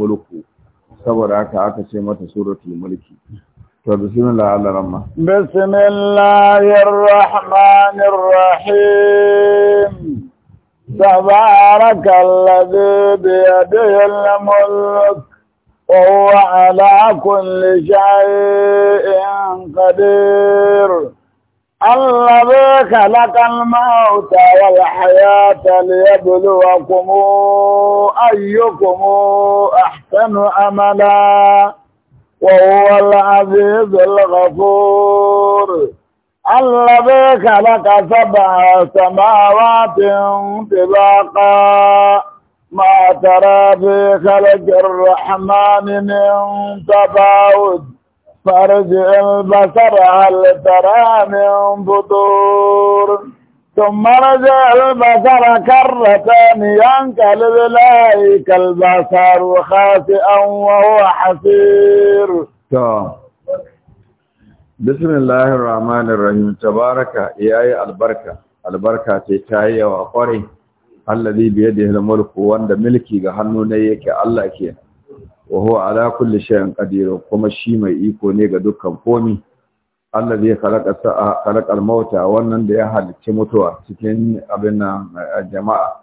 mulku saboda haka aka ce mata suratul mulki to bismillah Allah rahma bismillahir rahmanir rahim تبارك الذي بيده الملك وهو على كل شيء قدير الذي خلق الموت والحياة ليبلوكم أيكم أحسن أملا وهو العزيز الغفور الذي خلق سبع سماوات طباقا ما ترى في خلق الرحمن من تفاوت فارجع البصر هل ترى من فطور ثم رجع البصر كرتان ينقلب إليك البصر خاسئا وهو حسير بسم الله الرحمن الرحيم تبارك يا البركة البركة تتايا وقري الذي بيده الملك وند ملكي ga hannu ne yake wa huwa ala kulli shay'in qadir kuma shi mai iko ne ga dukkan komi Allah zai khalaqa sa'a khalaqa al-mauta wannan da ya halicci mutuwa cikin abin nan eh, jama'a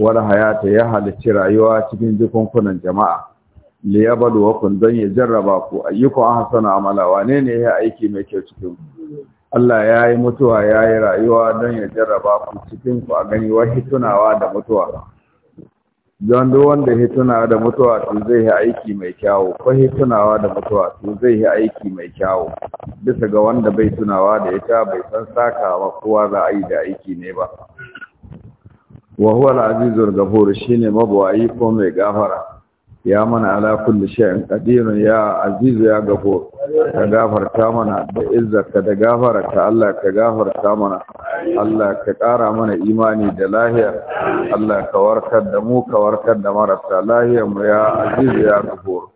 wala hayata ya halicci rayuwa cikin jikunkunan jama'a li kun dan ya jarraba ku ayyuka ahsanu amala wane ne ya aiki mai kyau cikin Allah ya yi mutuwa ya yi rayuwa don ya jarraba ku cikin ku a gani wa tunawa da mutuwa don duk wanda ya tunawa da mutuwa to zai yi aiki mai kyawu ko ya tunawa da mutuwa to zai yi aiki mai kyawu bisa ga wanda bai tunawa da ita bai san saka ba kowa za a yi da aiki ne ba wa huwa al-azizul ghafur shine mabwayi ko mai gafara ya mana ala kulli shay'in qadir ya aziz ya gafur ka gafarta mana da izzarka da gafararka Allah ka gafarta mana Allah ka ƙara mana imani da lahiya Allah ka warkar da mu ka warkar da marasa lahiyar mu ya aziz ya gafur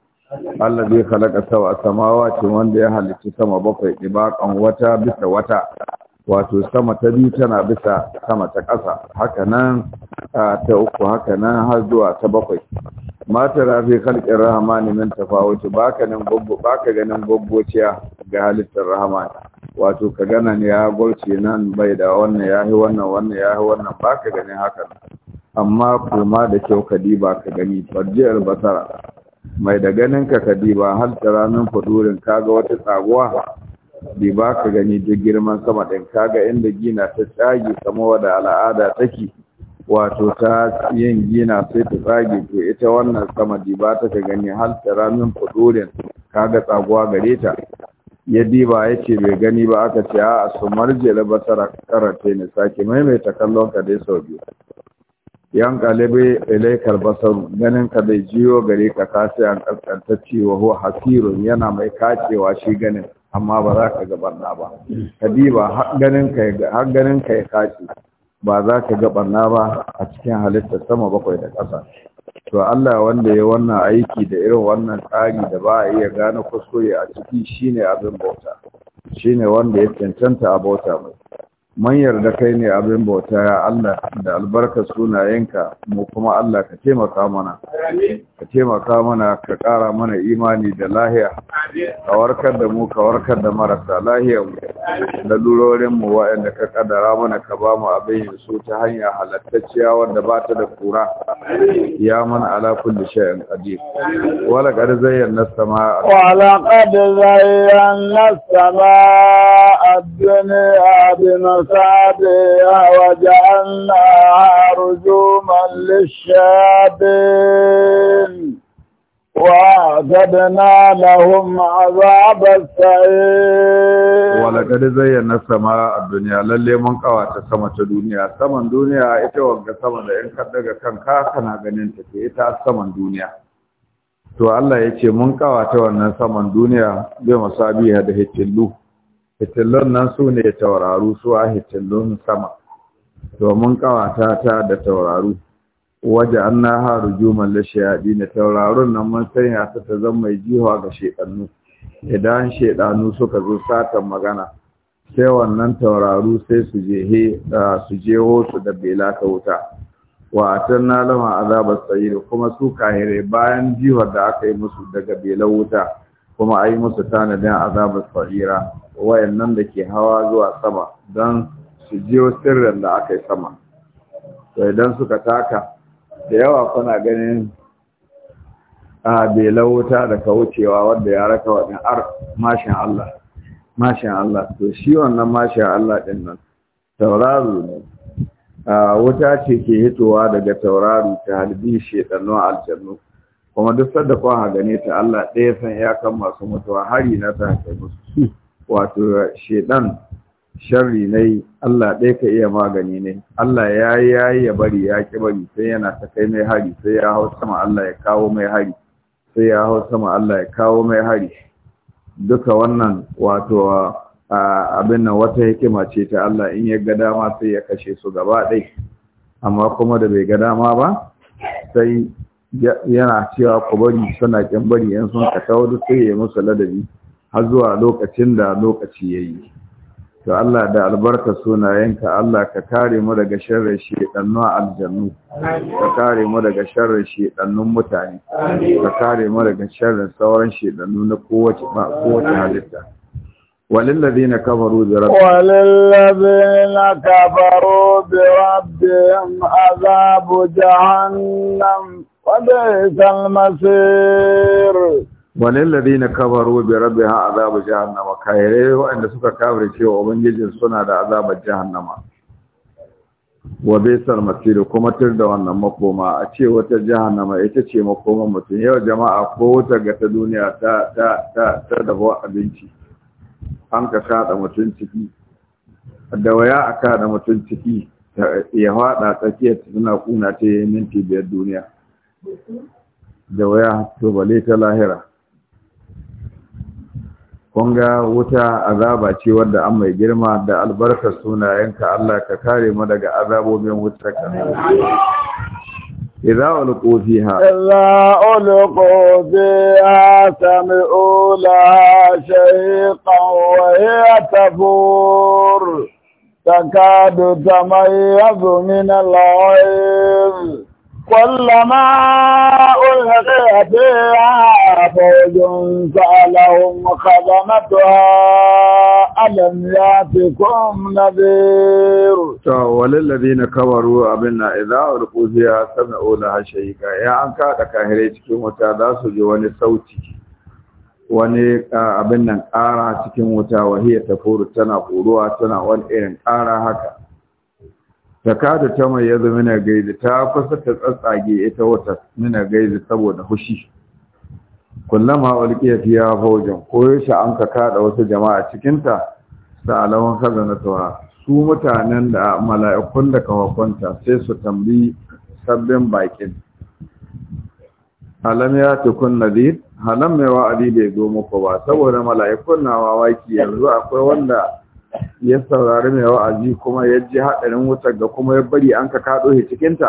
Allah zai halaka sama, samawa ce wanda ya halitta sama bakwai ɗibaƙan wata bisa wata wato sama ta biyu tana bisa sama ta ƙasa haka nan ta uku haka nan har zuwa ta bakwai mata rafi kalƙin ne min tafawuti baka nan gobbo baka ganin gobbociya ga halittar rahama wato ka gana ne ya gwalce nan bai da wannan ya yi wannan wannan ya yi wannan baka ganin hakan amma kuma da kyau ka diba ka gani farjiyar basara mai da ganin ka ka diba har ta ranar fadurin kaga wata tsaguwa bai ba ka gani duk girman sama ɗin kaga inda gina ta tsage sama wadda al'ada take wato ta yin gina sai ta tsage to ita wannan sama diba ta ka gani har ta ramin fudurin kaga tsaguwa gare ta ya diba ya ce bai gani ba aka ce a su marje da basara karate ne sake maimaita kallon ka dai sau biyu yan kalibai ilaikar basaru ganin ka bai jiyo gare ka kasi yan kaskantacce wa hasirun yana mai kacewa shi ganin amma ba za ka gabarna ba habiba har ganin ka ya kashi ba za ka gabarna ba a cikin halittar sama bakwai da ƙasa to Allah wanda ya wannan aiki da irin wannan tsari da ba a iya gane kuskure a ciki shine abin bauta shine wanda ya cancanta a bauta mai man yarda kai ne abin bauta ya Allah da albarkar sunayenka mu kuma Allah ka taimaka mana ka taimaka mana ka ƙara mana imani da lahiya ka warkar da mu ka warkar da marasa lahiyar mu da lurorin mu waɗanda ka ƙadara mana ka ba mu abin su ta hanya halattacciya wanda ba ta da kura ya mana ala kulli shay'in qadir wala qad zayyana as-samaa wala qad zayyana as ad-dunya سابها وجعلناها رجوما للشياطين وأعتدنا لهم عذاب السعير ولقد زينا السماء الدنيا للي من قوات السماء الدنيا السماء الدنيا إتوقع السماء لإن قدق كان كاسنا غنين تكي إتا السماء الدنيا to Allah ya ce mun kawata wannan saman duniya bai masabiha da hittillu hitillun nan su ne tauraru suwa hitillun sama domin kawata ta da tauraru waje an na haru juman lashayaɗi na tauraron nan mun sanya su ta zama mai jiwa ga shaɗannu idan shedanu suka zo satan magana sai wannan tauraru sai su he su su da bela ta wuta wa na lama azabar sayiru kuma su kahire bayan jiwa da aka yi musu daga belar wuta kuma ayi musu tanadin azabar sayira wayannan da ke hawa zuwa sama don su jiyo sirrin da aka yi sama to idan suka taka da yawa kuna ganin a bela wuta da ka wucewa wadda ya raka wa ar mashin Allah mashin Allah to shi wannan mashin Allah ɗin nan tauraru ne A wuta ce ke hitowa daga tauraru ta halbi a aljannu kuma duk sadda kwa gane ta Allah ɗaya san iyakan masu mutuwa hari na ta hake musu wato shedan sharri ne Allah ɗaya ka iya magani ne Allah ya yi ya bari ya ki bari sai yana ta kai mai hari sai ya hau sama Allah ya kawo mai hari sai ya hau sama Allah ya kawo mai hari duka wannan wato abin nan wata hikima ce ta Allah in ya ga dama sai ya kashe su gaba ɗai amma kuma da bai ga dama ba sai yana cewa ku bari suna kin bari yan sun ka tawo duk sai ya musu ladabi har zuwa lokacin da lokaci ya yi. to Allah da albarka sunayenka Allah ka kare mu daga sharrin shedannu aljannu ka kare mu daga sharrin shedannun mutane ka kare mu daga sharrin sauran shedannu na kowace ba kowace halitta وللذين كفروا بربهم وللذين كفروا بربهم عذاب جهنم وبئس المصير walil ladina kafaru bi rabbiha azabu jahannama kayre waɗanda suka kafir cewa ubangijin suna da azabar jahannama wa bisar masir kuma tir da wannan makoma a ce wata jahannama ita ce makoman mutum yau jama'a ko wata ga ta duniya ta ta ta ta ba abinci an ka kada mutum ciki da waya a kada mutum ciki ya hada tsakiyar suna kuna ta yi minti biyar duniya da waya to bale ta lahira Kunga wuta azaba ce wadda an mai girma da albarkar sunayenka Allah ka kare mu daga azabobin wuta idza ulqu fiha idza ulqu fiha sami'u la shahiqan wa hiya tafur takadu tamayyazu min al كلما ألقي فيها فوج سألهم خدمتها ألم يأتكم نذير وللذين كبروا أبنا إذا أرقوا فيها سمعوا لها شيئا يا أنك تكاهري cikin wuta za صوتي wani abin nan ƙara cikin wuta wahiyar ta tana ƙuruwa tana wani irin ƙara haka ta kada ta mai yazo mina gaizi ta kusa ta tsatsage ita wata mina gaizi saboda hushi Kullum kullama fi fiha fawjan ko shi an ka kada wasu jama'a cikin ta na tawa su mutanen da mala'ikun da kawakwanta sai su tambi sabbin bakin alam ya tukun nadir halam mai wa'adi bai zo muku ba saboda mala'ikun na wawaki yanzu akwai wanda ya saurari mai wa'azi kuma ya ji haɗarin wutar da kuma ya bari an ka kaɗo shi cikinta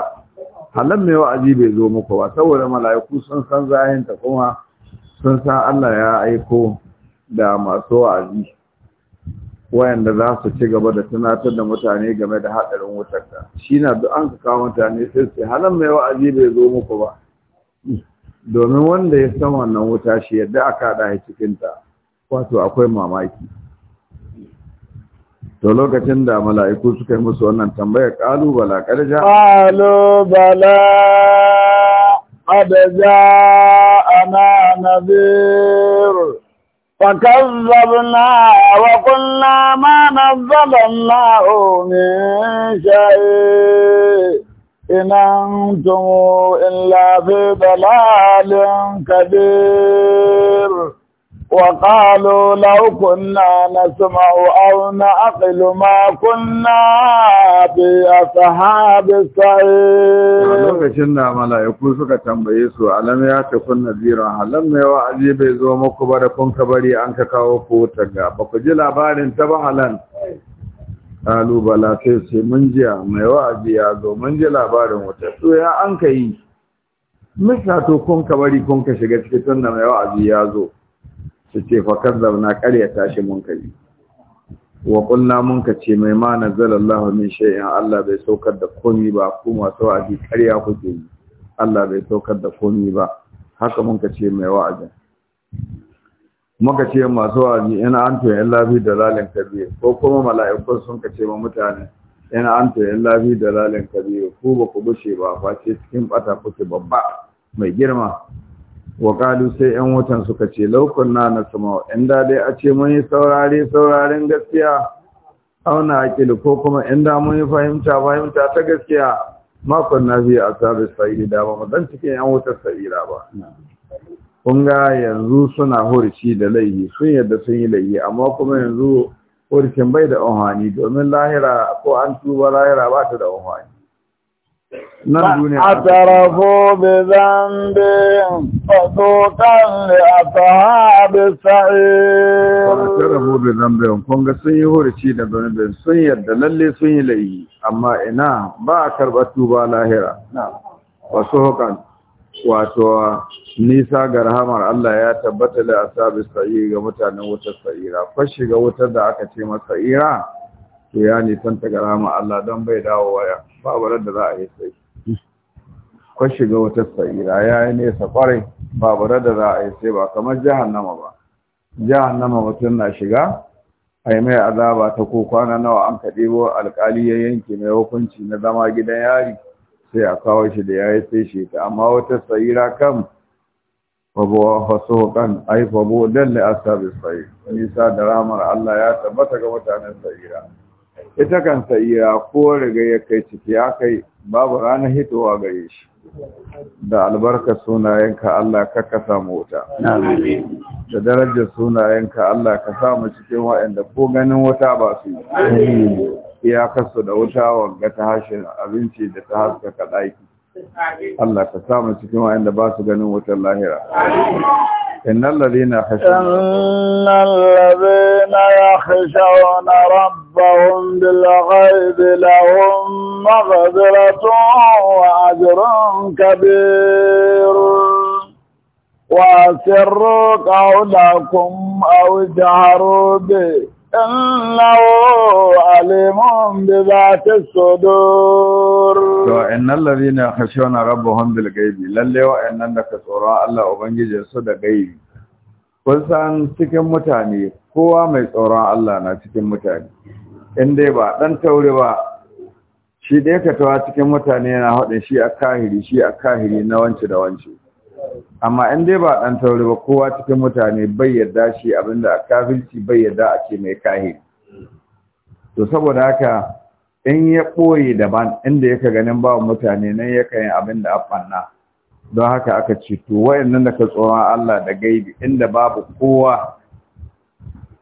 halan mai wa'azi bai zo muku ba saboda mala'iku sun san zahinta kuma sun san Allah ya aiko da masu wa'azi wayanda za su ci gaba da tunatar da mutane game da haɗarin wutar da shi na duk an ka kawo mutane sai su halan mai wa'azi bai zo muku ba domin wanda ya san wannan wuta shi yadda aka haɗa cikinta wato akwai mamaki to lokacin da mala’iku suka yi musu wannan tambayar ƙalubala ƙarja? ƙalubala ƙadaja a na nazir ƙakar zabna wa ƙunna ma na zaben na’omin sha’i inan tumo in lafi dalalin kadir. وقالوا لو كنا نسمع أو نعقل ما كنا بأصحاب السعير lokacin da mala'iku suka tambaye su alam ya tafin naziran halam mai wa'azi bai zo muku ba da kun an kawo ku ta ga ba ku ji labarin ta ba halan kalubala sai sai mun zo mun ji labarin wuta so ya an ka yi misa kun ka shiga cikin tun da mai wa'azi ya zo su ce fa kazzabna qaryata shi munkari wa qulna munka ce mai ma nazzalallahu min shay'in Allah bai saukar da komi ba ku masu wa'azi karya kuke yi Allah bai saukar da komi ba haka munka ce mai wa'azi muka ce masu wa'azi ina anto ya lafi da lalin kabir ko kuma mala'ikun sun ka ce ma mutane ina anto ya lafi da lalin kabir ku ba ku bushe ba face cikin bata kuke babba mai girma Waƙalu sai yan watan suka ce laukun na na sama in dai a ce mun yi saurari sauraren gaskiya auna akili ko kuma inda da mun yi fahimta fahimta ta gaskiya makon na biyu a sabis sa'ida ba mu dan cikin yan wutar sa'ira ba kun ga yanzu suna hurci da laihi sun yadda sun yi laihi amma kuma yanzu hurcin bai da unhani domin lahira ko an tuba lahira ba ta da unhani اعترفوا بذنبهم فذوقا لاصحاب السعير اعترفوا بذنبهم kun sun yi hurci da zunubin sun yadda lalle sun yi layi amma ina ba a karɓar tuba lahira wasu hukan wato nisa ga rahamar Allah ya tabbata da asabis sa'ira ga mutanen wutar sa'ira fashi ga wutar da aka ce masa ira? to ya nisan ta Allah don bai dawo waya ba wa da za a yi sai ko shiga wata sa'ira ya yi nesa kwarai ba wa da za a yi sai ba kamar jahannama ba jahannama mutum na shiga a mai azaba ta ko kwana nawa an ka ɗebo alkali, ya yanke mai hukunci na zama gidan yari sai a kawo shi da ya yi sai shi ta amma wata sa'ira kan fasuqan ay fabu dalla ashabi Ni nisa da ramar Allah ya tabbata ga mutanen sa'ira ita kan sayya ko riga ya kai ciki ya kai babu ranar hitowa gare shi da albarka sunayenka Allah ka ka samu wuta da darajar sunayenka Allah ka samu cikin waɗanda ko ganin wuta ba su yi kasu da wuta wanga ta hashin abinci da ta ka ɗaki Allah ka samu cikin waɗanda ba su ganin wutar lahira إن الذين يخشون إن ربهم بالغيب لهم مغذرة وأجر كبير وأسروا قولكم أو جهروا به إنه عليم بذات الصدور وإن الذين يخشون ربهم بالغيب للي وإن أنك ترى الله أبنجي صدى غيب kun san cikin mutane kowa mai tsoron Allah na cikin mutane in ba dan taure ba shi da ka tawa cikin mutane yana haɗin shi a kahiri shi a kahiri na wance da wance amma in ba dan taure ba kowa cikin mutane bai yarda shi abinda a kafirci bai yarda a ce mai kahiri to saboda haka in ya ɓoye daban inda yaka ganin ba mutane nan ya kai abin da afanna don haka aka ce to wayannan da ka tsoron Allah da gaibi inda babu kowa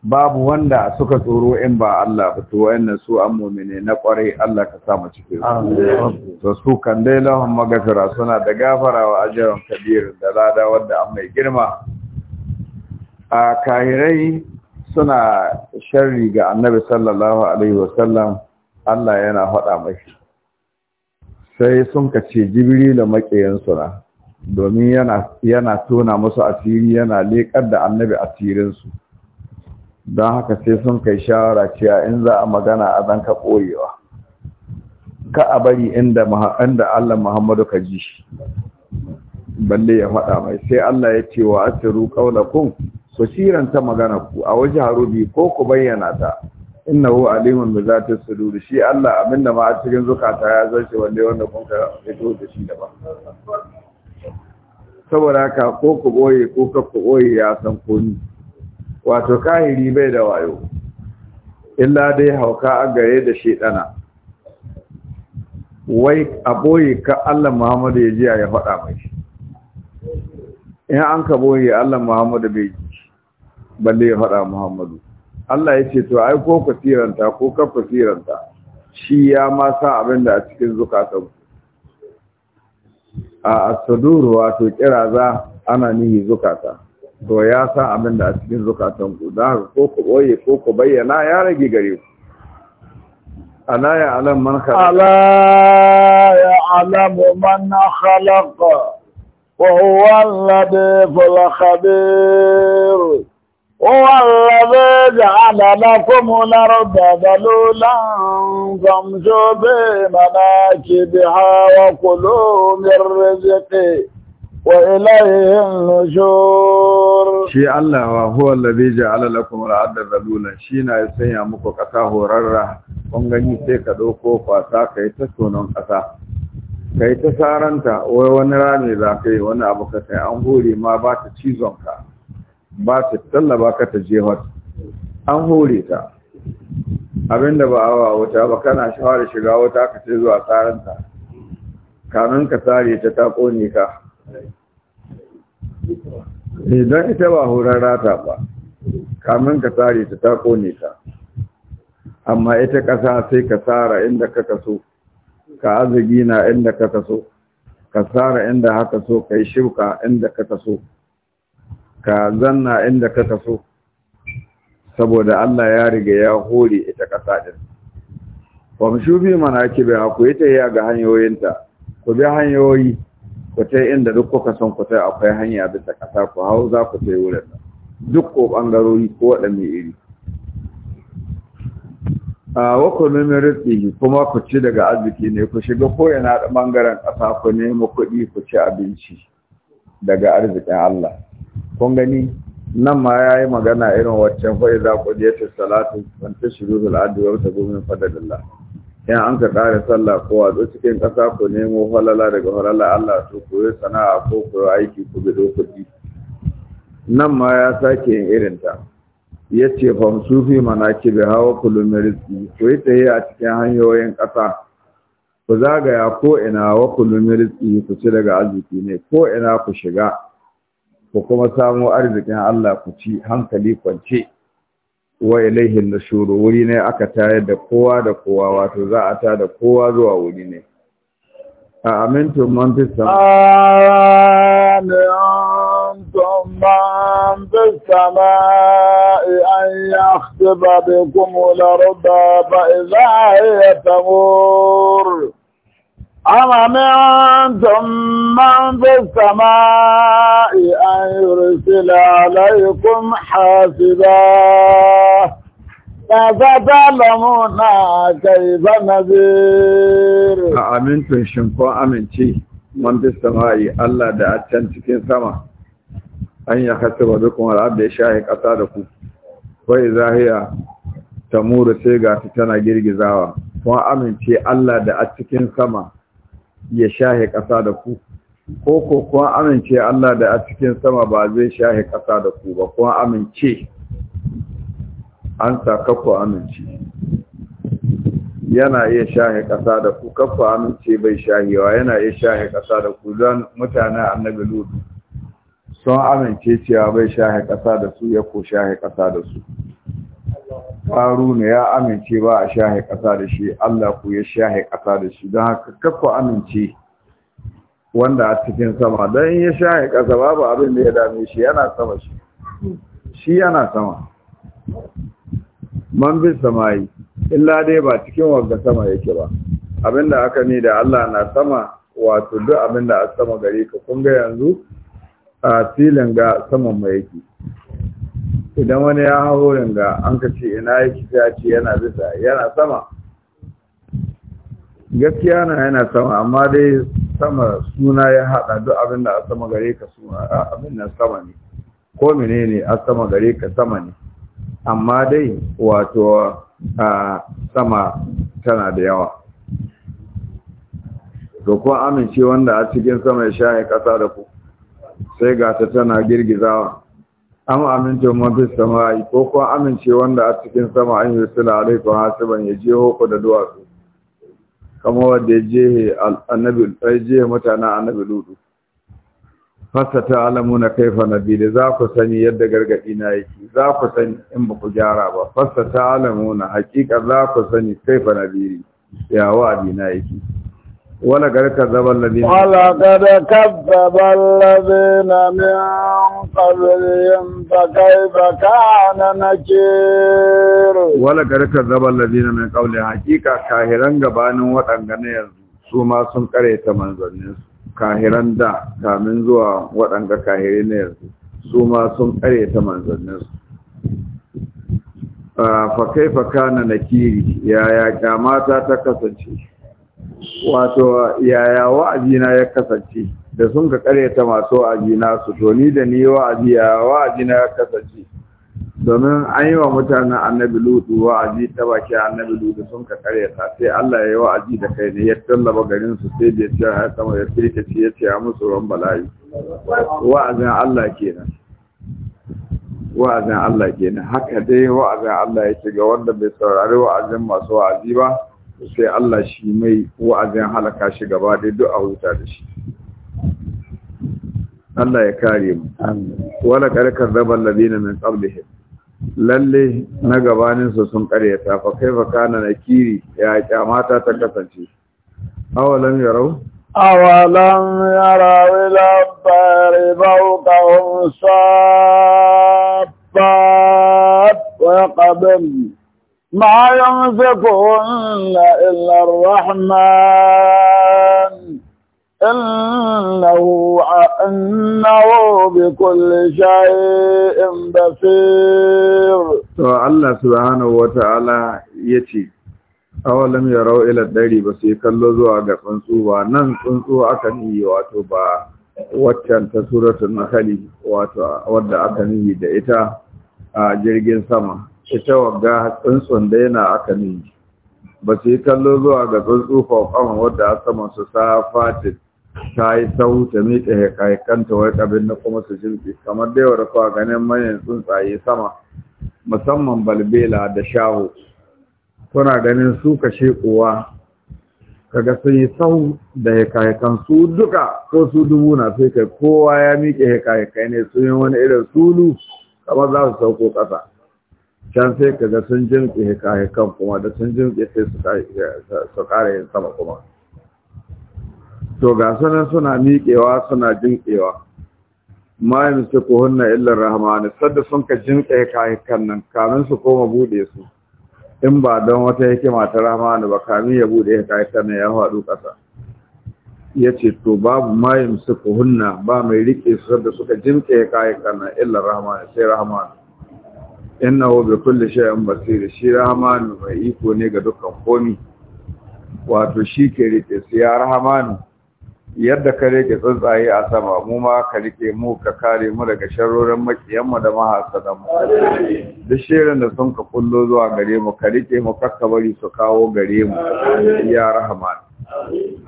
babu wanda suka tsoro in ba Allah ba to wayannan su an mu'mine na kware Allah ka sa mu cikin su to su kan dai lahum magfira suna da gafara wa kabir da lada wanda an mai girma a kahirai suna sharri ga annabi sallallahu alaihi wasallam Allah yana faɗa mashi sai sun kace jibrilu maƙiyansu na domin yana yana tona musu asiri yana lekar da annabi asirinsu su don haka sai sun kai shawara cewa in za a magana a zan ka ɓoyewa ka a bari inda Allah Muhammadu ka ji shi balle ya faɗa mai sai Allah ya ce wa asiru ƙaunakun ku siranta magana ku a waje harubi ko ku bayyana ta innahu alimun za ta sudur shi Allah abinda ma a cikin zukata ya zarce wanda wanda kun ka fito da shi da ba? saboda haka ko ku ɓoye ko ka ku ya san komi. wato kahiri bai da wayo illa dai hauka a gare da shedana wai a boye ka Allah Muhammadu ya a ya faɗa mai shi? in an ka boye Allah Muhammadu bai ji balle ya faɗa Muhammadu Allah ya ce to ai ko ku siranta ko ka siranta shi ya ma sa abin da a cikin zukatan a asuduru wato kiraza ana nihi zukata to ya sa abin da a cikin zukatan ku da haka ko ku boye ko ku bayyana ya rage gare ku ala ya alam man khalaqa ala ya alam man khalaqa wa huwa al-latiful khabir هو الذي جعل لكم الأرض ذلولا فامشوا في مناكبها وكلوا من رزقه وإليه النشور شي الله هو الذي جعل لكم الأرض ذلولا شي نا يسنيا muku ƙasa horarra kun gani sai ka dauko kwasa kai ta tonon ƙasa kai ta saranta wai wani rami za ka yi wani abu kai an hore ma ba ta cizon ka ba ta tallaba ka ta jehot an hore ta abinda ba awa wuta ba kana shawar shiga wuta ka ce zuwa saranta kamin ka sare ta ƙone ka Idan eh, ita ba horon rata ba kamun ka tsari ta ta kone ka amma ita ƙasa sai ka tsara inda ka kaso ka arziki na inda ka kaso ka tsara inda haka so ka yi shirka inda ka kaso ka zanna inda ka kaso saboda Allah ya riga ya hori ita ƙasa din shubi mana ake bai haku ita ya ga hanyoyinta ku bi hanyoyi ku ta inda duk kuka son ku ta akwai hanya bisa ƙasa ku hau za ku ta wurin nan duk ko ɓangarori ko waɗanne iri a wako rufi kuma ku ci daga arziki ne ku shiga da ɓangaren ƙasa ku nemi kuɗi ku ci abinci daga arzikin Allah kun gani nan ma ya yi magana irin waccan fa'iza ku je ta salatu wanta shiru da al'adu wata gomin fadadillah in an ka ƙare sallah ko a zo cikin ƙasa ku nemo halala daga halala Allah to ku yi sana'a ko ku yi aiki ku bido kuɗi nan ma ya sake yin irin ta ya ce fam sufi mana ki bi hawa kullum rizki ku yi a cikin hanyoyin ƙasa ku zagaya ko ina wa kullum rizki ku ci daga arziki ne ko ina ku shiga ku kuma samo arzikin Allah ku ci hankali kwance wa na shuru wuri ne aka tayar da kowa da kowa wato za a tada kowa zuwa wuri ne a amintum man fi sama'i an yakhsiba bikum al-arda fa idha hiya tamur Amma miyantun man bisa na kai ba na zi ri. A amintocin kowani ya amince man bisa ma'aikun Allah da a can ta kasa da ku. Ko za a iya ta muri sai gasu tana girgizawa. Kuma amince Allah da a cikin sama. ya shahe ƙasa da ku ko ko kuwa amince Allah da a cikin sama ba zai shahe ƙasa da ku ba kuwa amince an sa kakku amince yana iya shahe ƙasa da ku kafa amince bai shahewa yana iya shahe ƙasa da ku don mutanen annabi lutu sun amince cewa bai shahe ƙasa da su ya ko shahe ƙasa da su haruna ya amince ba a shahe ƙasa da shi Allah ku ya shahe ƙasa da shi don haka kakwa amince wanda a cikin sama don in ya shahe ƙasa babu abin da ya dame shi yana sama shi shi yana sama man bin yi, illa dai ba cikin wanda sama yake ba abin da aka ne da Allah na sama wato duk abin da a sama gare ka kun ga yanzu a filin ga saman mai yake idan wani ya hau ringa an ka ce ina ci ta ce yana bisa yana sama gaskiya na yana sama amma dai sama suna ya haɗa duk abin da a sama gare ka suna abin nan sama ne ko menene a sama gare ka sama ne amma dai wato a sama tana da yawa to ko amince wanda a cikin sama ya sha ya ƙasa da ku sai ga tana girgizawa am amince man fi samai ko kuma amince wanda a cikin sama an yi sula alaikum hasiban ya je hoko da duwatsu Kama wanda ya jehe annabi ya je mutana annabi ludu fasa ta fa kaifa nabili za ku sani yadda gargadi na yake za ku sani in ba ku gyara ba fasa ta na hakika za ku sani kaifa nabili ya abi na yake ولقد كذب الذين ولقد كذب الذين من قبلهم فكيف كان نكير ولقد كذب الذين من قبلهم حقيقة كاهران غبان وطنغنيز سوما سنقري تمنزلنس kahiran da kamin zuwa waɗanda kahirai yanzu su ma sun ƙare ta manzanninsu fa kai fa kana nakiri yaya kyamata ta kasance wato yaya na ya kasance da sun ka karyata masu wa'azina su to ni da ni wa'azi yaya wa'azina ya kasance domin an yi wa mutanen annabi lutu wa'azi ta baki annabi lutu sun ka karyata sai Allah ya yi wa'azi da kai ne ya tallaba garin su sai da ce ya ya ce ya ce a musu ruwan bala'i wa'azin Allah kenan wa'azin Allah kenan haka dai wa'azin Allah ya ce wanda bai saurari wa'azin masu wa'azi ba sai Allah shi mai wa'azin halaka shi gaba ɗaya duk a huta da shi Allah ya kare mu wala karkar zaban ladina min qablihim lalle na gabanin su sun ta fa kai fa kana kiri ya kyamata ta kasance awalan yarau awalan yarau ila baribawqahum sabbat wa qabl ما يمسكهن إلا الرحمن إنه إنه بكل شيء بصير الله سبحانه وتعالى يتي lam ya rau ila dari ba sai kallo zuwa ga tsuntsu ba nan tsuntsu aka nihi wato ba waccan ta suratun nahl wato wadda aka nihi da ita a jirgin sama ita wagga tsuntsun da yana aka ne ba su yi kallo zuwa ga tsuntsu kwakwan wadda a saman su sa fatin ta yi sau ta miƙe haikanta wai kabin na kuma su jirgi kamar da yawar kwa ganin manyan tsuntsaye sama musamman balbela da shaho kuna ganin su kashe uwa kaga sun yi sau da haikayekan su duka ko su dubu na sai kai kowa ya miƙe haikayekai ne sun yi wani irin sulu kamar za su sauko ƙasa can sai ka ga sun jintse hika-hikan kuma da sun jintse sai su ƙara yin sama kuma to ga sanar suna miƙewa suna jintsewa ma yi su ko hunna illar rahmanu sadda sun ka jintse hika-hikan nan kamin su koma buɗe su in ba don wata hikima ta rahmanu ba kamin ya buɗe hika-hikan nan ya faɗo ƙasa ya ce to babu ma yi su ko hunna ba mai riƙe su sadda suka jintse hika-hikan nan illar rahmanu sai rahmanu wa bi kulli shay'in basir shi rahmanu mai iko ne ga dukkan komi wato shi ke rike su ya rahmanu yadda ka rike tsuntsaye a sama mu ma ka rike mu ka kare mu daga sharorin mu da mahasadan mu duk shirin da sun ka kullo zuwa gare mu ka rike mu kakka bari su kawo gare mu ya rahmanu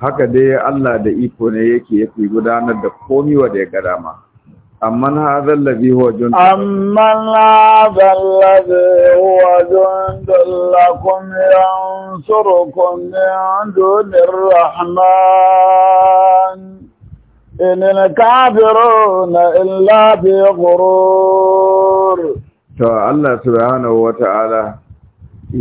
haka dai Allah da iko ne yake yake gudanar da komi wa da ya ga dama أمن هذا الذي هو جند أمن هذا الذي هو جند لكم ينصركم من دون الرحمن إن الكافرون إلا في غرور الله سبحانه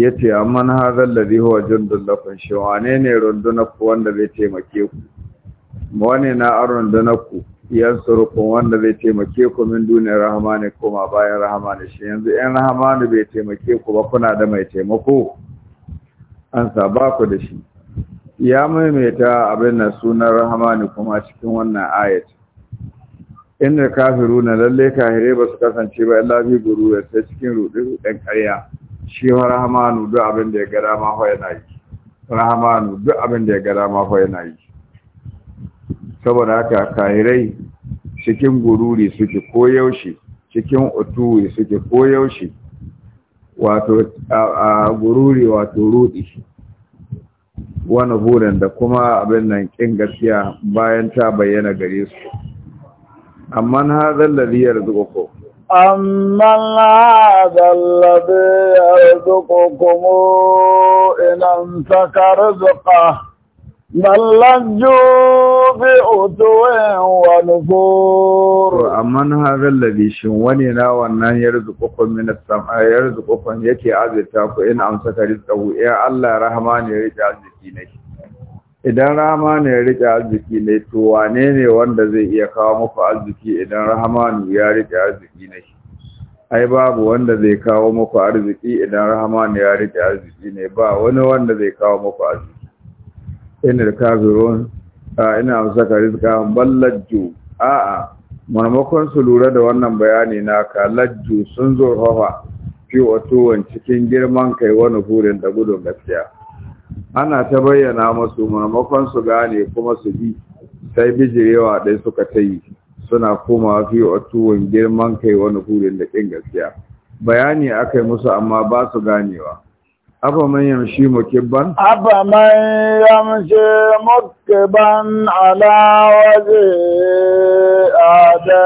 yace amman hadha alladhi huwa jundul lakum shawane ne rundunar ku wanda zai taimake ku wane na arundunar ku Yan surukun wanda zai taimake ku min rahama ne koma bayan rahama ne shi yanzu yan rahmani bai taimake ku ba kuna da mai taimako an saba ku da shi ya maimaita abin na sunan rahama ne kuma cikin wannan ayat inda kafiru na lalle kahire ba su kasance ba illa bi guru ya sai cikin rudu dan ƙarya shi wa rahama duk abin da ya ga dama ho yana yi duk abin ya ga dama ho yana yi saboda haka kahirai cikin gururi suke koyaushe cikin utuwi suke koyaushe wato a gururi wato rudi wani burin da kuma abin nan kin gaskiya bayan ta bayyana gare su amma na zallabi ya rizuko أما هذا الذي يرزقكم inan أمسك رزقه بل لجوا في عتو ونفور وأمن هذا الذي wani na wannan yarzuqukum min as-samaa'i yarzuqukum yake azurta ku in amsaka rizqahu ya Allah rahman ya rike arziki ne idan rahman ya rike arziki ne to wane ne wanda zai iya kawo muku arziki idan Rahama rahman ya rike arziki ne ai babu wanda zai kawo muku arziki idan Rahama rahman ya rike arziki ne ba wani wanda zai kawo muku arziki inal a ina saka rizqa ballajju a'a maimakon su lura da wannan bayani ka lajju sun zo hawa fi wato cikin girman kai wani hurin da gudun gaskiya ana ta bayyana musu maimakon su gane kuma su bi sai bijirewa dai suka ta yi suna komawa fi wato girman kai wani hurin da kin gaskiya bayani akai musu amma ba su ganewa afa man yamshi mukibban afa man yamshi mukibban ala waje ada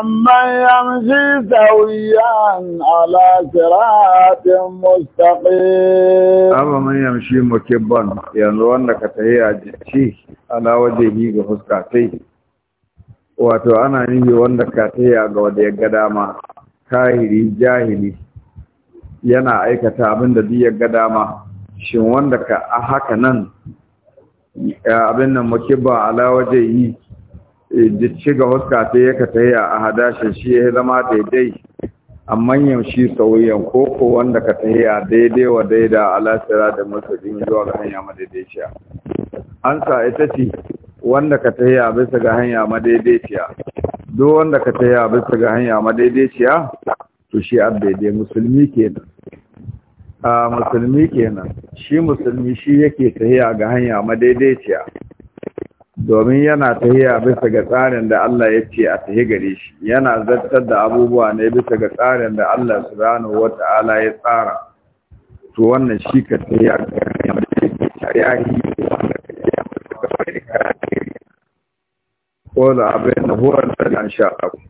amman yamshi sawiyan ala siratin mustaqim afa man yamshi mukibban yanzu wanda ka tayi a jiki ala waje ni ga fuska tai wato ana yi wanda ka tayi ga wanda ya ga dama kahiri jahili yana aikata abin da duk ga dama shin wanda ka a haka nan abin nan muke ba ala waje yi jicci eh, ga huska ta yi ka tahiya a hadashin shi ya zama daidai A manyan shi sauyan koko wanda ka a daidai wa daida ala sira da musulmi zuwa ga hanya madaidaiciya an sa ita ce wanda ka a bisa ga hanya madaidaiciya duk wanda ka a bisa ga hanya madaidaiciya to shi abdaidai musulmi kenan a musulmi kenan shi musulmi shi yake tahiya ga hanya madaidaiciya domin yana tahiya bisa ga tsarin da Allah ya ce a tahi gare shi yana zartar da abubuwa ne bisa ga tsarin da Allah subhanahu wata'ala ya tsara to wannan shi ka tahiya ga hanya madaidaiciya ya yi wannan abin da horar da sha Allah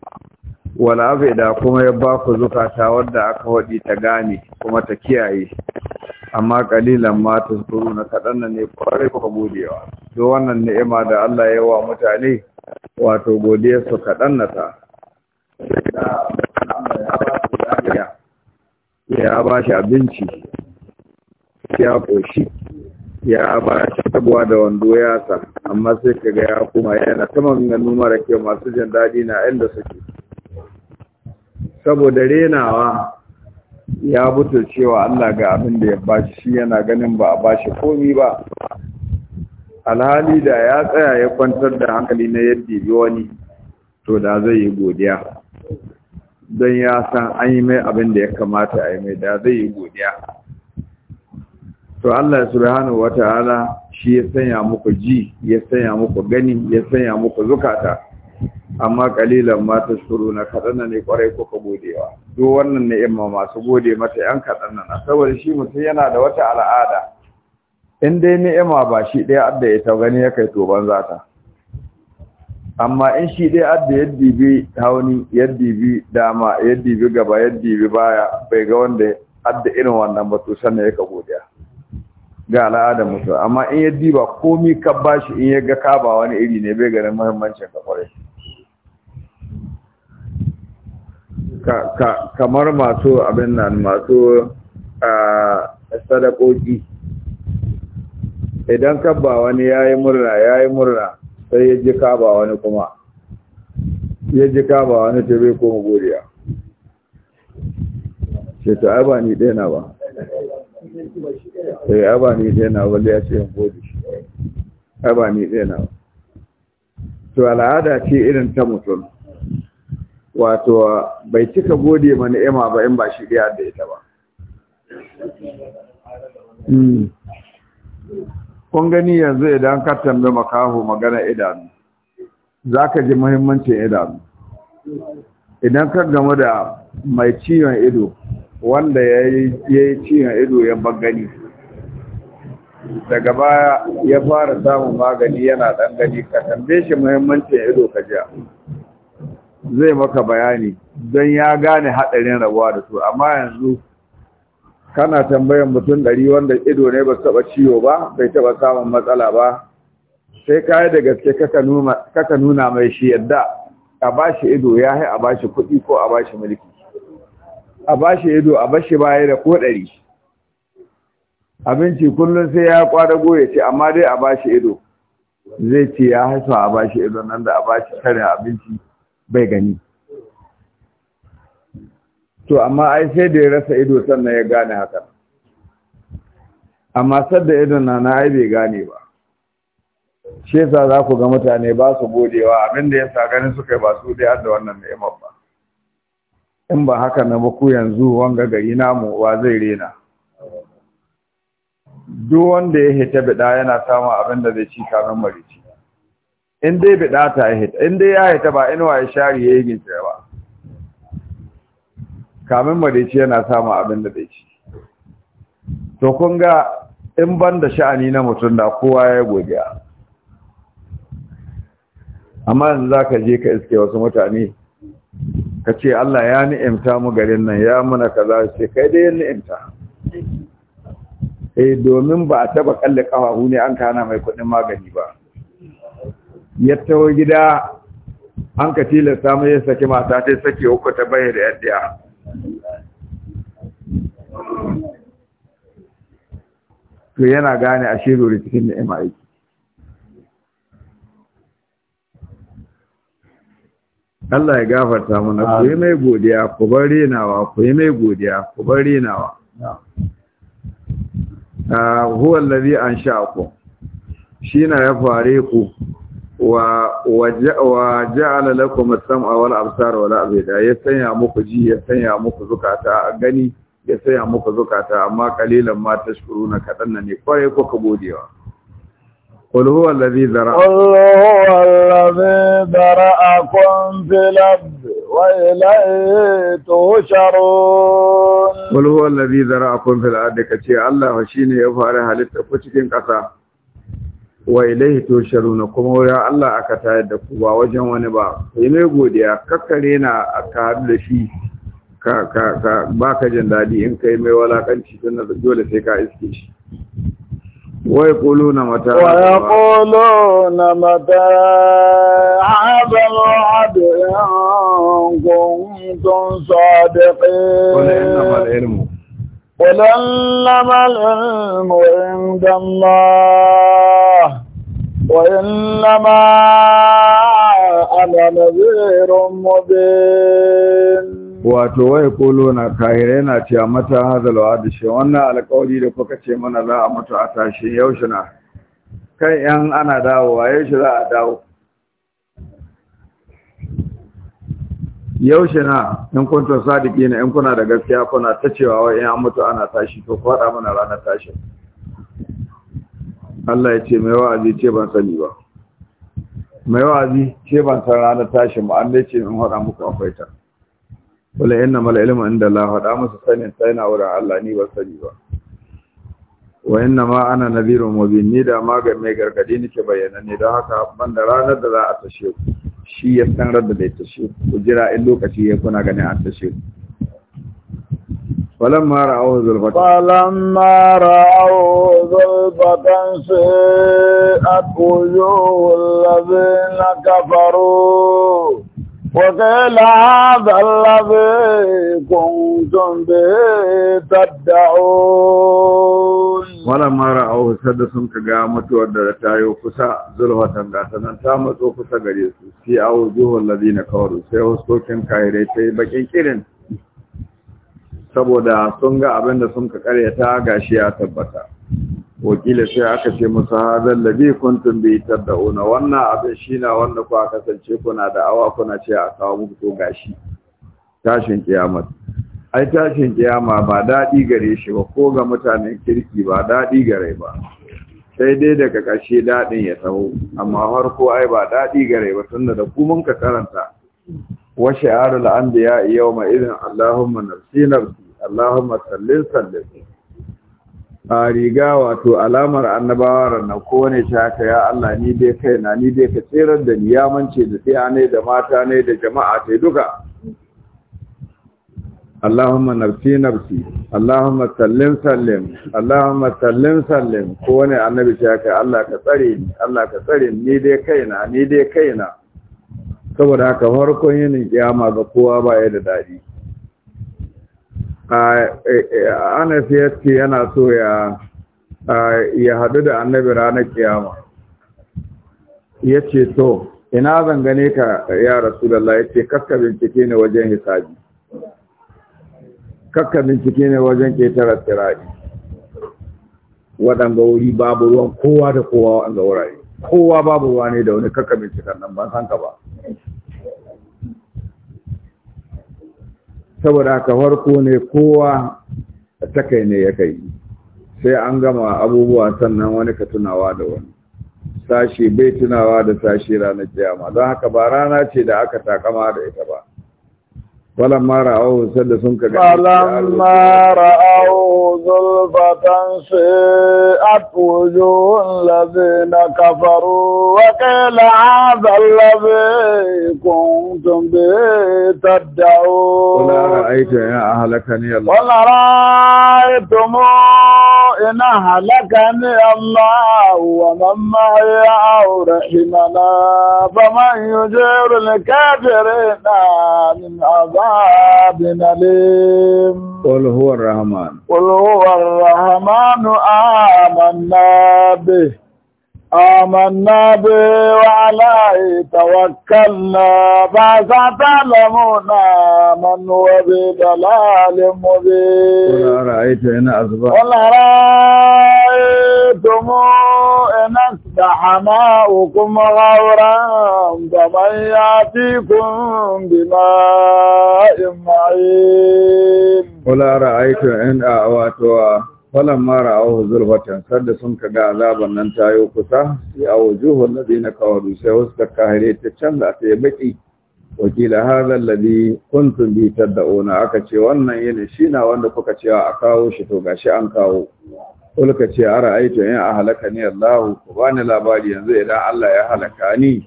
wala da kuma ya ba ku zukata wadda aka waɗi ta gane kuma ta kiyaye amma kalilan ma ta zuru na kaɗan nan ne kwarai kuka godewa don wannan ni'ima da Allah ya wa mutane wato su kaɗan na ta ya ba shi abinci ya ƙoshi ya ba shi tabuwa da wando ya sa amma sai kaga ya kuma yana ta maganganu mara kyau masu jin daɗi na inda suke saboda renawa ya buto cewa Allah ga abin da ya bashi shi yana ganin ba a bashi komi ba alhali da ya tsaya ya kwantar da hankali na yadda yi wani to da zai yi godiya don ya san an yi mai abin da ya kamata a yi mai da zai yi godiya to Allah subhanahu wata'ala shi ya sanya muku ji ya sanya muku gani ya sanya muku zukata amma kalilan ma tashkuruna kadan ne kwarai kuka godewa duk wannan yamma masu gode mata yan kadan nan saboda shi mutum yana da wata al'ada in dai ni'ima ba shi ɗaya adda ya ta gani ya kai to banza ta amma in shi ɗaya adda ya dibi hauni ya dibi dama ya dibi gaba ya dibi baya bai ga wanda adda irin wannan ba to sannan ya ka godiya ga al'adar mutum amma in ya diba komi ka bashi in ya ga ka ba wani iri ne bai ganin muhimmancin ka kwarai kamar masu abin nan masu sadakoki idan kabba wani ya yi murna ya yi murna sai ya ji kaba wani kuma ya ji kaba wani ta bai koma godiya ce ta ai ni ɗaya na ba sai eh, ai ni ɗaya na ba ya ce yin godi ai ni ɗaya na ba to al'ada ce irin ta mutum wato bai cika gode ma ni'ima ba in ba shi da da ita ba hmm. kun gani yanzu idan ka tambi makahu magana idanu za ka ji muhimmancin idanu idan ka gama da mai ciwon ido wanda ya yi ciwon ido ya gani daga baya ya fara samun magani yana ɗan gani ka tambaye shi muhimmancin ido ka ja zai maka bayani don ya gane haɗarin rabuwa da su amma yanzu kana tambayan mutum ɗari wanda ido ne ba taɓa ciwo ba bai taɓa samun matsala ba sai ka yi da gaske kaka nuna mai shi yadda a ba shi ido ya yi a ba shi kuɗi ko a ba shi mulki a ba shi ido a ba shi baya da ko ɗari abinci kullum sai ya kwadago ya ce amma dai a ba shi ido zai ce ya haifa a ba shi ido nan da a ba shi karin abinci bai gani to amma ai sai da ya rasa ido sannan ya gane haka amma sadda idon na na ai bai gane ba shi za ku ga mutane ba su godewa abinda ya sa ganin suka yi ba su da yadda wannan ni'imar ba in ba haka na ba ku yanzu wanga gari namu wa zai rena duk wanda ya hita biɗa yana samun abin da zai ci kamar mari in dai bida ta hita in dai ya hita ba wa ya shari ya yi gincira ba kamin madaici yana samun abin da bai ci to kun ga in ban da sha'ani na mutum da kowa ya godiya amma yanzu za ka je ka iske wasu mutane ka ce Allah ya ni'imta mu garin nan ya muna kaza ce kai dai ni'imta eh domin ba a taba kalle kafahu ne an kana mai kudin magani ba ya tawo gida an ka tilasta mai ya saki mata ta saki uku ta bayyana da yadda to yana gane a da cikin ni'ima aiki Allah ya gafarta mana ku yi mai godiya ku bar renawa ku yi mai godiya ku bar renawa ah, huwa allazi ansha'akum shi na ya fare ku wa ja'ala lakum as-sam'a wal absara wal afida ya sanya muku ji ya sanya muku zukata a gani ya sanya muku zukata amma qalilan ma tashkuruna kadan nan ne kwaye ko ka godewa qul huwa allazi zara Allahu allazi zara'akum fil ard wa ilayhi tusharun qul huwa allazi zara'akum fil ard kace Allah shine ya fara halitta ku cikin kasa wa ilaihi tusharuna kuma wurin Allah aka tayar da ku ba wajen wani ba sai mai godiya kakkare na aka da shi ka ka ka baka jin dadi in kai mai walakanci tun da dole sai ka iske shi wa na mata wa na mata abal adyan kuntum sadiqin qul innamal ilmu قل إنما العلم عند الله وإنما أنا نذير مبين wato wai kolo na kahire na ce mata hazal wa shi wannan alƙawari da kuka ce mana za a mutu a tashi yaushe na kai yan ana dawowa yaushe za a dawo yaushe na in sadiki sadiqina in kuna da gaskiya kuna ta cewa wai in an mutu ana tashi to kwaɗa mana ranar tashin Allah ya ce mai wa'azi ce ban sani ba mai wa'azi ce ban san ranar tashin ba an dace ce in hada muku akwai ta wala inna mal ilmu inda Allah hada musu sanin sai na wurin Allah ni ban sani ba wa inna ma ana nadhirun mubin ni da magani mai gargadi nake bayyana ne don haka ban da ranar da za a tashe ku shi ya san da ita shi ku jira in lokaci ya kuna ganin an tashe ku فلما رأوا زلفة فلما رأوا زلفة سيئت وجوه الذين كفروا وقيل هذا الذي كنتم به تدعون ولما رأوه سدسن كقامت ودرتا يوكسا زلوة داتنا تامت وكسا قريس في أوجوه الذين كوروا سيوسكوكين كايريتي بكين كيرين saboda sun ga abin da sun ka karyata gashi wakila sai aka ce musu hadal kuntun kuntum bi tad'una wannan abin na wanda ku aka kasance kuna da awa kuna ce a kawo muku to gashi tashin kiyama ai tashin kiyama ba daɗi gare shi ba ko ga mutanen kirki ba daɗi gare ba sai dai daga ƙarshe dadin ya taho amma farko ai ba daɗi gare ba tunda da ku mun ka karanta wa sha'arul anbiya yawma idin allahumma nafsi nafsi allahumma sallin sallin a riga wato alamar annabawa ranar kowane shi haka ya Allah ni dai kai na ni dai ka tserar da ni ya mance da tsaya ne da mata ne da jama'a ta duka Allahumma nafsi nafsi Allahumma sallim sallim Allahumma sallim sallim kowane annabi shi haka Allah ka tsare ni Allah ka tsare ni dai kai na ni dai kai na saboda haka farkon yinin kiyama ga kowa ba ya da dadi E, e, anas ya ce yana so ya ya hadu da annabi ranar kiyama ya ce to ina zan gane ka ya Allah ya ce kakka bincike ne wajen hisabi kakka bincike ne wajen ƙetare tsirari waɗanda wuri babu ruwan kowa da kowa waɗanda wurare kowa babu ruwa ne da wani kakka binciken nan ban san ka ba saboda ka farko ne kowa ta kai ne ya kai sai an gama abubuwa sannan wani ka tunawa da wani sashi bai tunawa da sashi ranar kiyama don haka ba rana ce da aka takama da ita ba فلما رأوه سد سنك فلما رأوه زلفة سيئت وجوه الذين كفروا وقيل هذا الذي كنتم به تدعون قل أرأيتم إن أهلكني الله قل أرأيتم إن أهلكني الله ومن معي أو رحمنا فمن يجير الكافرين من عذاب عذاب أليم قل هو الرحمن قل هو الرحمن آمنا به آمنا به وعليه توكلنا فستعلمون من هو بضلال مبين قل أرأيت إن أصبح قل أرأيتم إن أصبح ماؤكم غورا فمن يأتيكم بماء معين قل أرأيت إن أعواتها falan mara awo zulbatan sadda sun ka ga azaban nan ta tayo kusa sai a juhun na zai na kawaru sai wasu ta kahire ta canza ta yi baki wakila hadha alladhi kuntum bi ona aka ce wannan yana shi na wanda kuka cewa a kawo shi to gashi an kawo Kulka ce a aitu in a halaka ni Allah ku bani labari yanzu idan Allah ya halaka ni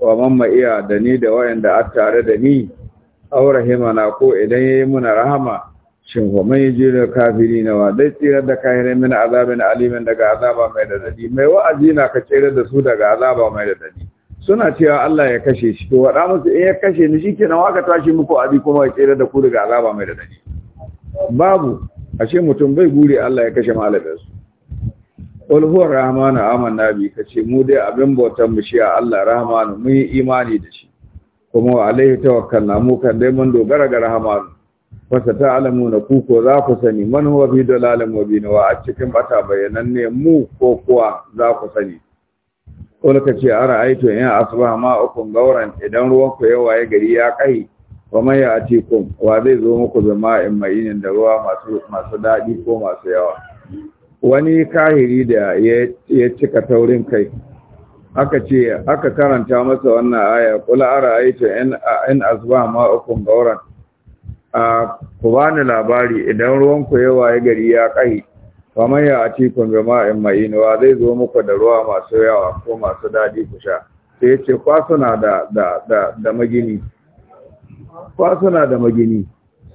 wa mamma iya da ni da wayanda a tare da ni aurahima na ko idan yayi muna rahama shin ko mai jira kafiri na wa dai tsirar da kahirai min azabin alimin daga azaba mai dadi mai wa'azi na ka tsirar da su daga azaba mai dadi suna cewa Allah ya kashe shi to wada musu in eh, ya kashe ni shikenan ka tashi muku abi kuma ya tsirar da ku daga azaba mai dadi babu ashe mutum bai gure Allah ya kashe malamin su qul huwa rahmanu amanna bi kace mu dai abin bautan mu shi Allah rahmanu mun yi imani da shi kuma alaihi tawakkalna mu kan dai mun dogara ga rahmanu fasa ta alamu na kuko za ku sani man huwa fi dalalin mubin wa a cikin bata bayananne mu ko kuwa za ku sani ko ka ce ara aito in asbaha ma ukun gauran idan ruwan ku yawa ya gari ya kai wa man ya ku wa zai zo muku da ma'in da ruwa masu masu dadi ko masu yawa wani kahiri da ya cika taurin kai aka ce aka karanta masa wannan aya kula ara aito in asbaha ma ukun gauran a ku bani labari idan ruwanku yawa ya gari ya kai kamar ya a cikin jama'in wa zai zo muku da ruwa masu yawa ko masu daɗi ku sha sai ya ce kwasuna da, da, da, da magini kwasuna da magini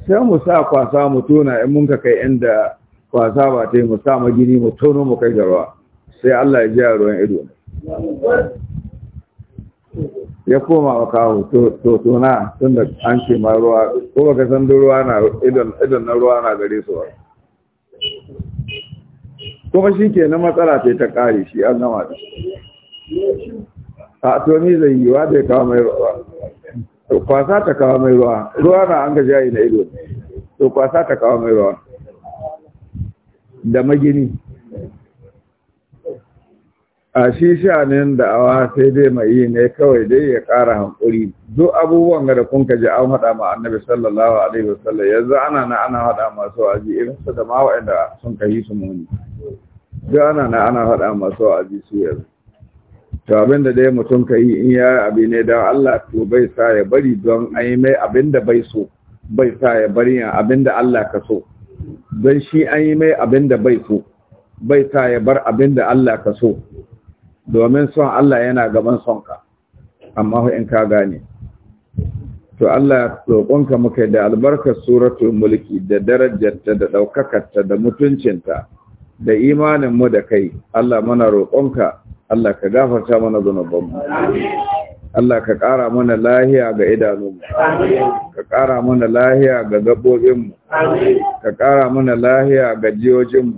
sai mu sa kwasa mu tona in mun ka kai inda kwasa ba ta yi mu sa magini mu tono mu kai da sai Allah ya ji ruwan ido ya koma wa kawo to to na tun da an ce ma ruwa ko baka san ruwa na idan idan na ruwa na gare su kuma shi ke na matsala sai ta kare shi an gama da a to ni zai yi wa zai kawo mai ruwa to kwasa ta kawo mai ruwa ruwa na an gaji na ido to kwasa ta kawo mai ruwa da magini a shi da da'awa sai dai mai yi ne kawai dai ya ƙara hankuri duk abubuwan da kun ka ji an haɗa ma annabi sallallahu alaihi wasallam yanzu ana na ana haɗa masu wa'azi irin su da ma waɗanda sun kai su muni duk ana na ana haɗa masu aji su yanzu to abin da dai mutum ka yi in ya yi abi ne don Allah to bai sa ya bari don an yi mai abin da bai so bai sa ya bari yin abin da Allah ka so don shi an yi mai abin da bai so bai sa ya bar abin da Allah ka so domin son Allah yana gaban sonka amma in ka gane to Allah roƙonka muka da albarkar suratul mulki da darajarta da ɗaukakarta da mutuncinta da imanin mu da kai Allah muna roƙonka Allah ka gafarta mana zunubanmu Allah ka ƙara mana lahiya ga idanunmu ka ƙara mana lahiya ga gaɓoɓinmu ka ƙara mana lahiya ga jiyojinmu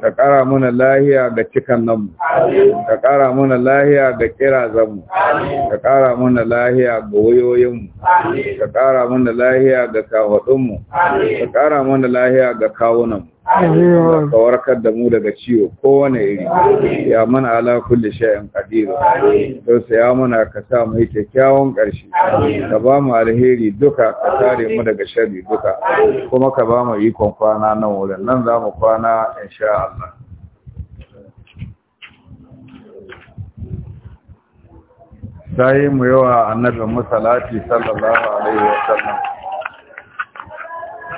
ka ƙara mana lahiya ga cikan nanmu ka ƙara mana lahiya ga ƙirazanmu ka ƙara mana lahiya ga wayoyinmu ka ƙara mana lahiya ga kawaɗinmu ka ƙara mana lahiya ga kawunanmu ka warkar da mu daga ciwo kowane iri ya mana ala kulli sha'in qadir to sai ya mana ka sa mu kyakkyawan ƙarshe ka ba mu alheri duka ka tare mu daga sharri duka kuma ka ba mu ikon kwana nan wurin nan za mu kwana insha Allah sai mu yawa annabi musallati sallallahu alaihi wasallam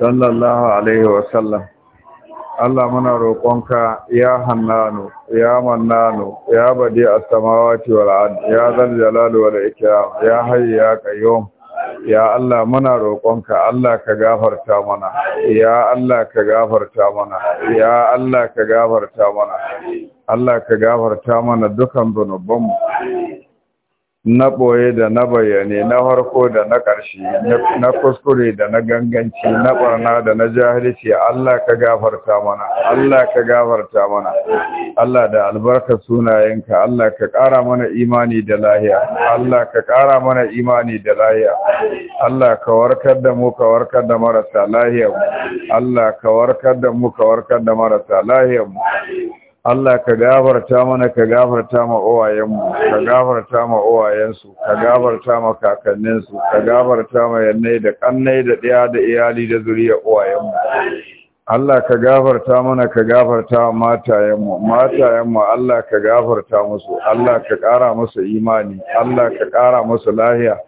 sallallahu alaihi wasallam Allah muna roƙonka ya hannanu ya mannanu ya badi a samawati wal ard ya zal jalali wal ikram ya hayy ya qayyum ya Allah muna roƙonka Allah ka gafarta mana ya Allah ka gafarta mana ya Allah ka gafarta mana Allah ka gafarta mana dukkan zunubanmu na ɓoye da na bayyane, na harko da na ƙarshe na kuskure da na ganganci na ɓarna da na jahilci Allah ka gafarta mana Allah ka gafarta mana Allah da albarka sunayenka Allah ka ƙara mana imani da lahiya Allah ka ƙara mana imani da lahiya Allah ka warkar da mu ka warkar da marasa lahiya Allah ka warkar da mu ka warkar da marasa lahiya Allah ka gafarta mana ka gafarta ma uwayenmu ka gafarta ma uwayensu ka gafarta ma kakanninsu ka gafarta ma yannai da kannai da ɗaya da iyali da zuriya uwayenmu Allah ka gafarta mana ka gafarta matayenmu matayenmu Allah ka gafarta musu Allah ka ƙara musu imani Allah ka ƙara musu lahiya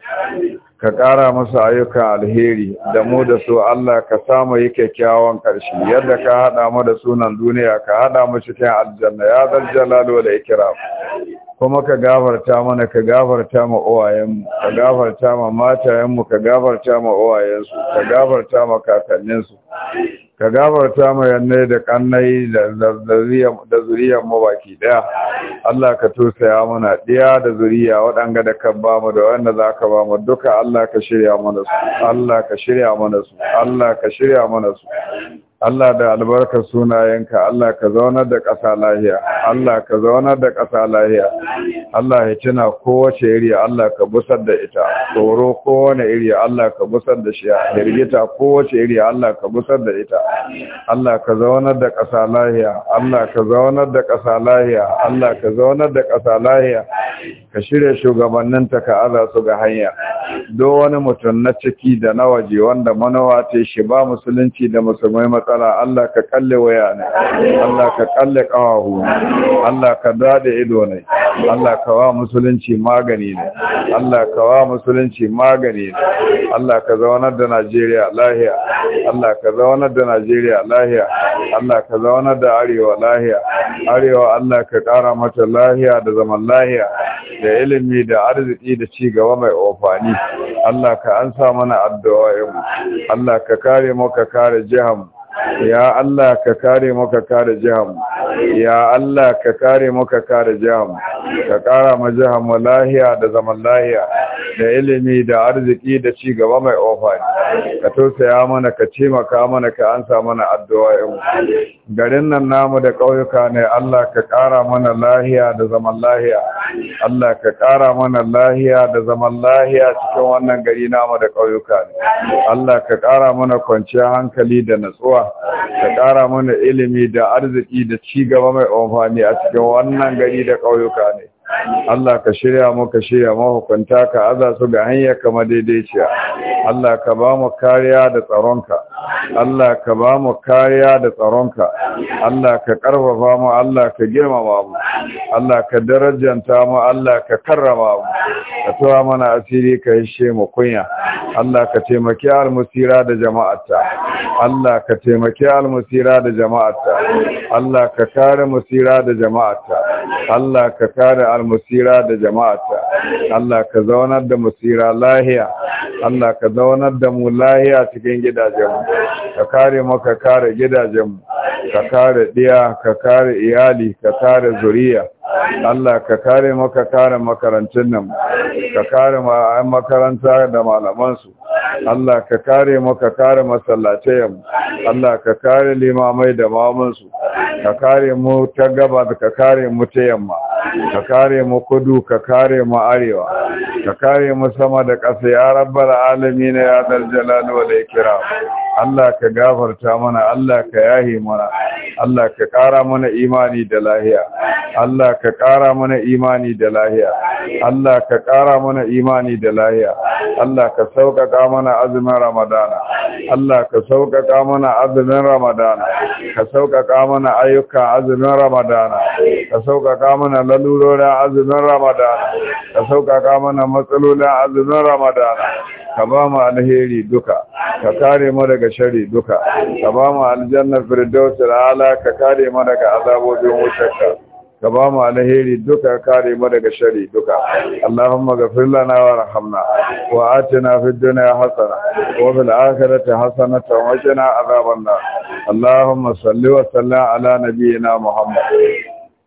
ka ƙara musu ayyukan alheri da mu da su Allah ka samu yi kyakkyawan ƙarshe yadda ka haɗa mu da sunan duniya ka haɗa mu cikin aljanna ya zal jalalu da ikram kuma ka gafarta mana ka gafarta ma uwayenmu ka gafarta ma matayenmu ka gafarta ma uwayensu ka gafarta ma kakanninsu ka gabarta mayannai yanne da kannai da zuriyar mu baki daya Allah ka tosaya mana ɗaya da zuriya waɗanga da bamu, mu da wanda za ka ba mu duka Allah ka shirya mana su Allah ka shirya mana su Allah ka shirya mana su Allah da albarkar sunayenka Allah ka zaunar da ƙasa lahiya Allah ka zaunar da ƙasa lahiya Allah ya tuna kowace iri Allah ka busar da ita tsoro kowane iri Allah ka busar da shi hirgita kowace iri Allah ka busar da ita Allah ka zaunar da ƙasa lahiya Allah ka zaunar da ƙasa lahiya Allah ka zaunar da ƙasa lahiya ka shirya shugabanninta ka aza su ga hanya duk wani mutum na ciki da na waje wanda manowa ta shi ba musulunci da musulmai matsala Allah ka kalle waya ne Allah ka kalle kawahu Allah ka dade ido ne Allah ka wa musulunci magani ne Allah ka wa musulunci magani ne Allah ka zaunar da Najeriya lahiya Allah ka zaunar da Najeriya lahiya Allah ka zaunar da Arewa lahiya Arewa Allah ka kara mata lahiya da zaman lahiya da ilimi da arziki da ci gaba mai amfani Allah ka ansa mana addu'a Allah ka kare mu ka kare jihar ya Allah ka kare mu ka kare jihar ya Allah ka kare mu ka kare jihar ka kara mu jihar mu lahiya da zaman lahiya da ilimi da arziki da ci gaba mai ofani ka tausaya mana ka taimaka mana ka ansa mana addu'a garin nan namu da ƙauyuka ne Allah ka kara mana lahiya da zaman lahiya Allah ka ƙara mana lahiya da zaman lahiya cikin wannan gari namu da ƙauyuka ne. Allah ka ƙara mana kwanciyar hankali da natsuwa ka ƙara mana ilimi da arziki da ci gaba mai amfani a cikin wannan gari da ƙauyuka ne Allah ka shirya mu ka shirya mahukunta ka aza su ga hanyar kama daidaiciya Allah ka ba mu kariya da tsaronka Allah ka ba mu kariya da tsaronka Allah ka karfafa mu Allah ka girmama mu Allah ka darajanta mu Allah ka karrama mu ka tura mana asiri ka hishe mu kunya Allah ka taimaki almusira da jama'arta Allah ka taimaki almusira da jama'arta Allah ka kare musira da jama'arta Allah ka kare almusira da jama'arta Allah ka zaunar da musira lahiya Allah ka zaunar da mu lahiya cikin gidajenmu ka kare mu ka kare gidajenmu ka kare ɗiya, ka kare iyali ka kare zuriya Allah ka kare maka kare makarantun nan ka kare ma'an makaranta da malamansu Allah ka kare maka kare masallatayen Allah ka kare limamai da mamansu ka kare mu ta gaba ka kare mu ta yamma ka kare mu kudu ka kare mu arewa ka kare mu sama da ƙasa ya rabbal alamin ya dal jalal wal ikram Allah ka gafarta mana Allah ka yahi mana Allah ka kara mana imani da lahiya Allah ka ƙara mana imani da lahiya Allah ka ƙara mana imani da lahiya Allah ka sauƙaƙa mana azumin Ramadana Allah ka sauƙaƙa mana azumin Ramadana ka sauƙaƙa mana ayyuka azumin Ramadana ka sauƙaƙa mana lalurorin azumin Ramadana ka sauƙaƙa mana matsalolin azumin Ramadana ka ba mu alheri duka ka kare mu daga shari duka ka ba mu aljannar firdausul ala ka kare mu daga azabobin ka. ka ba mu alheri duka kare mu daga shari duka Allahumma ghafir lana warhamna wa atina fid dunya hasana wa fil akhirati hasanatan wa qina adhaban nar Allahumma salli wa sallim ala nabiyyina Muhammad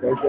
Thank you.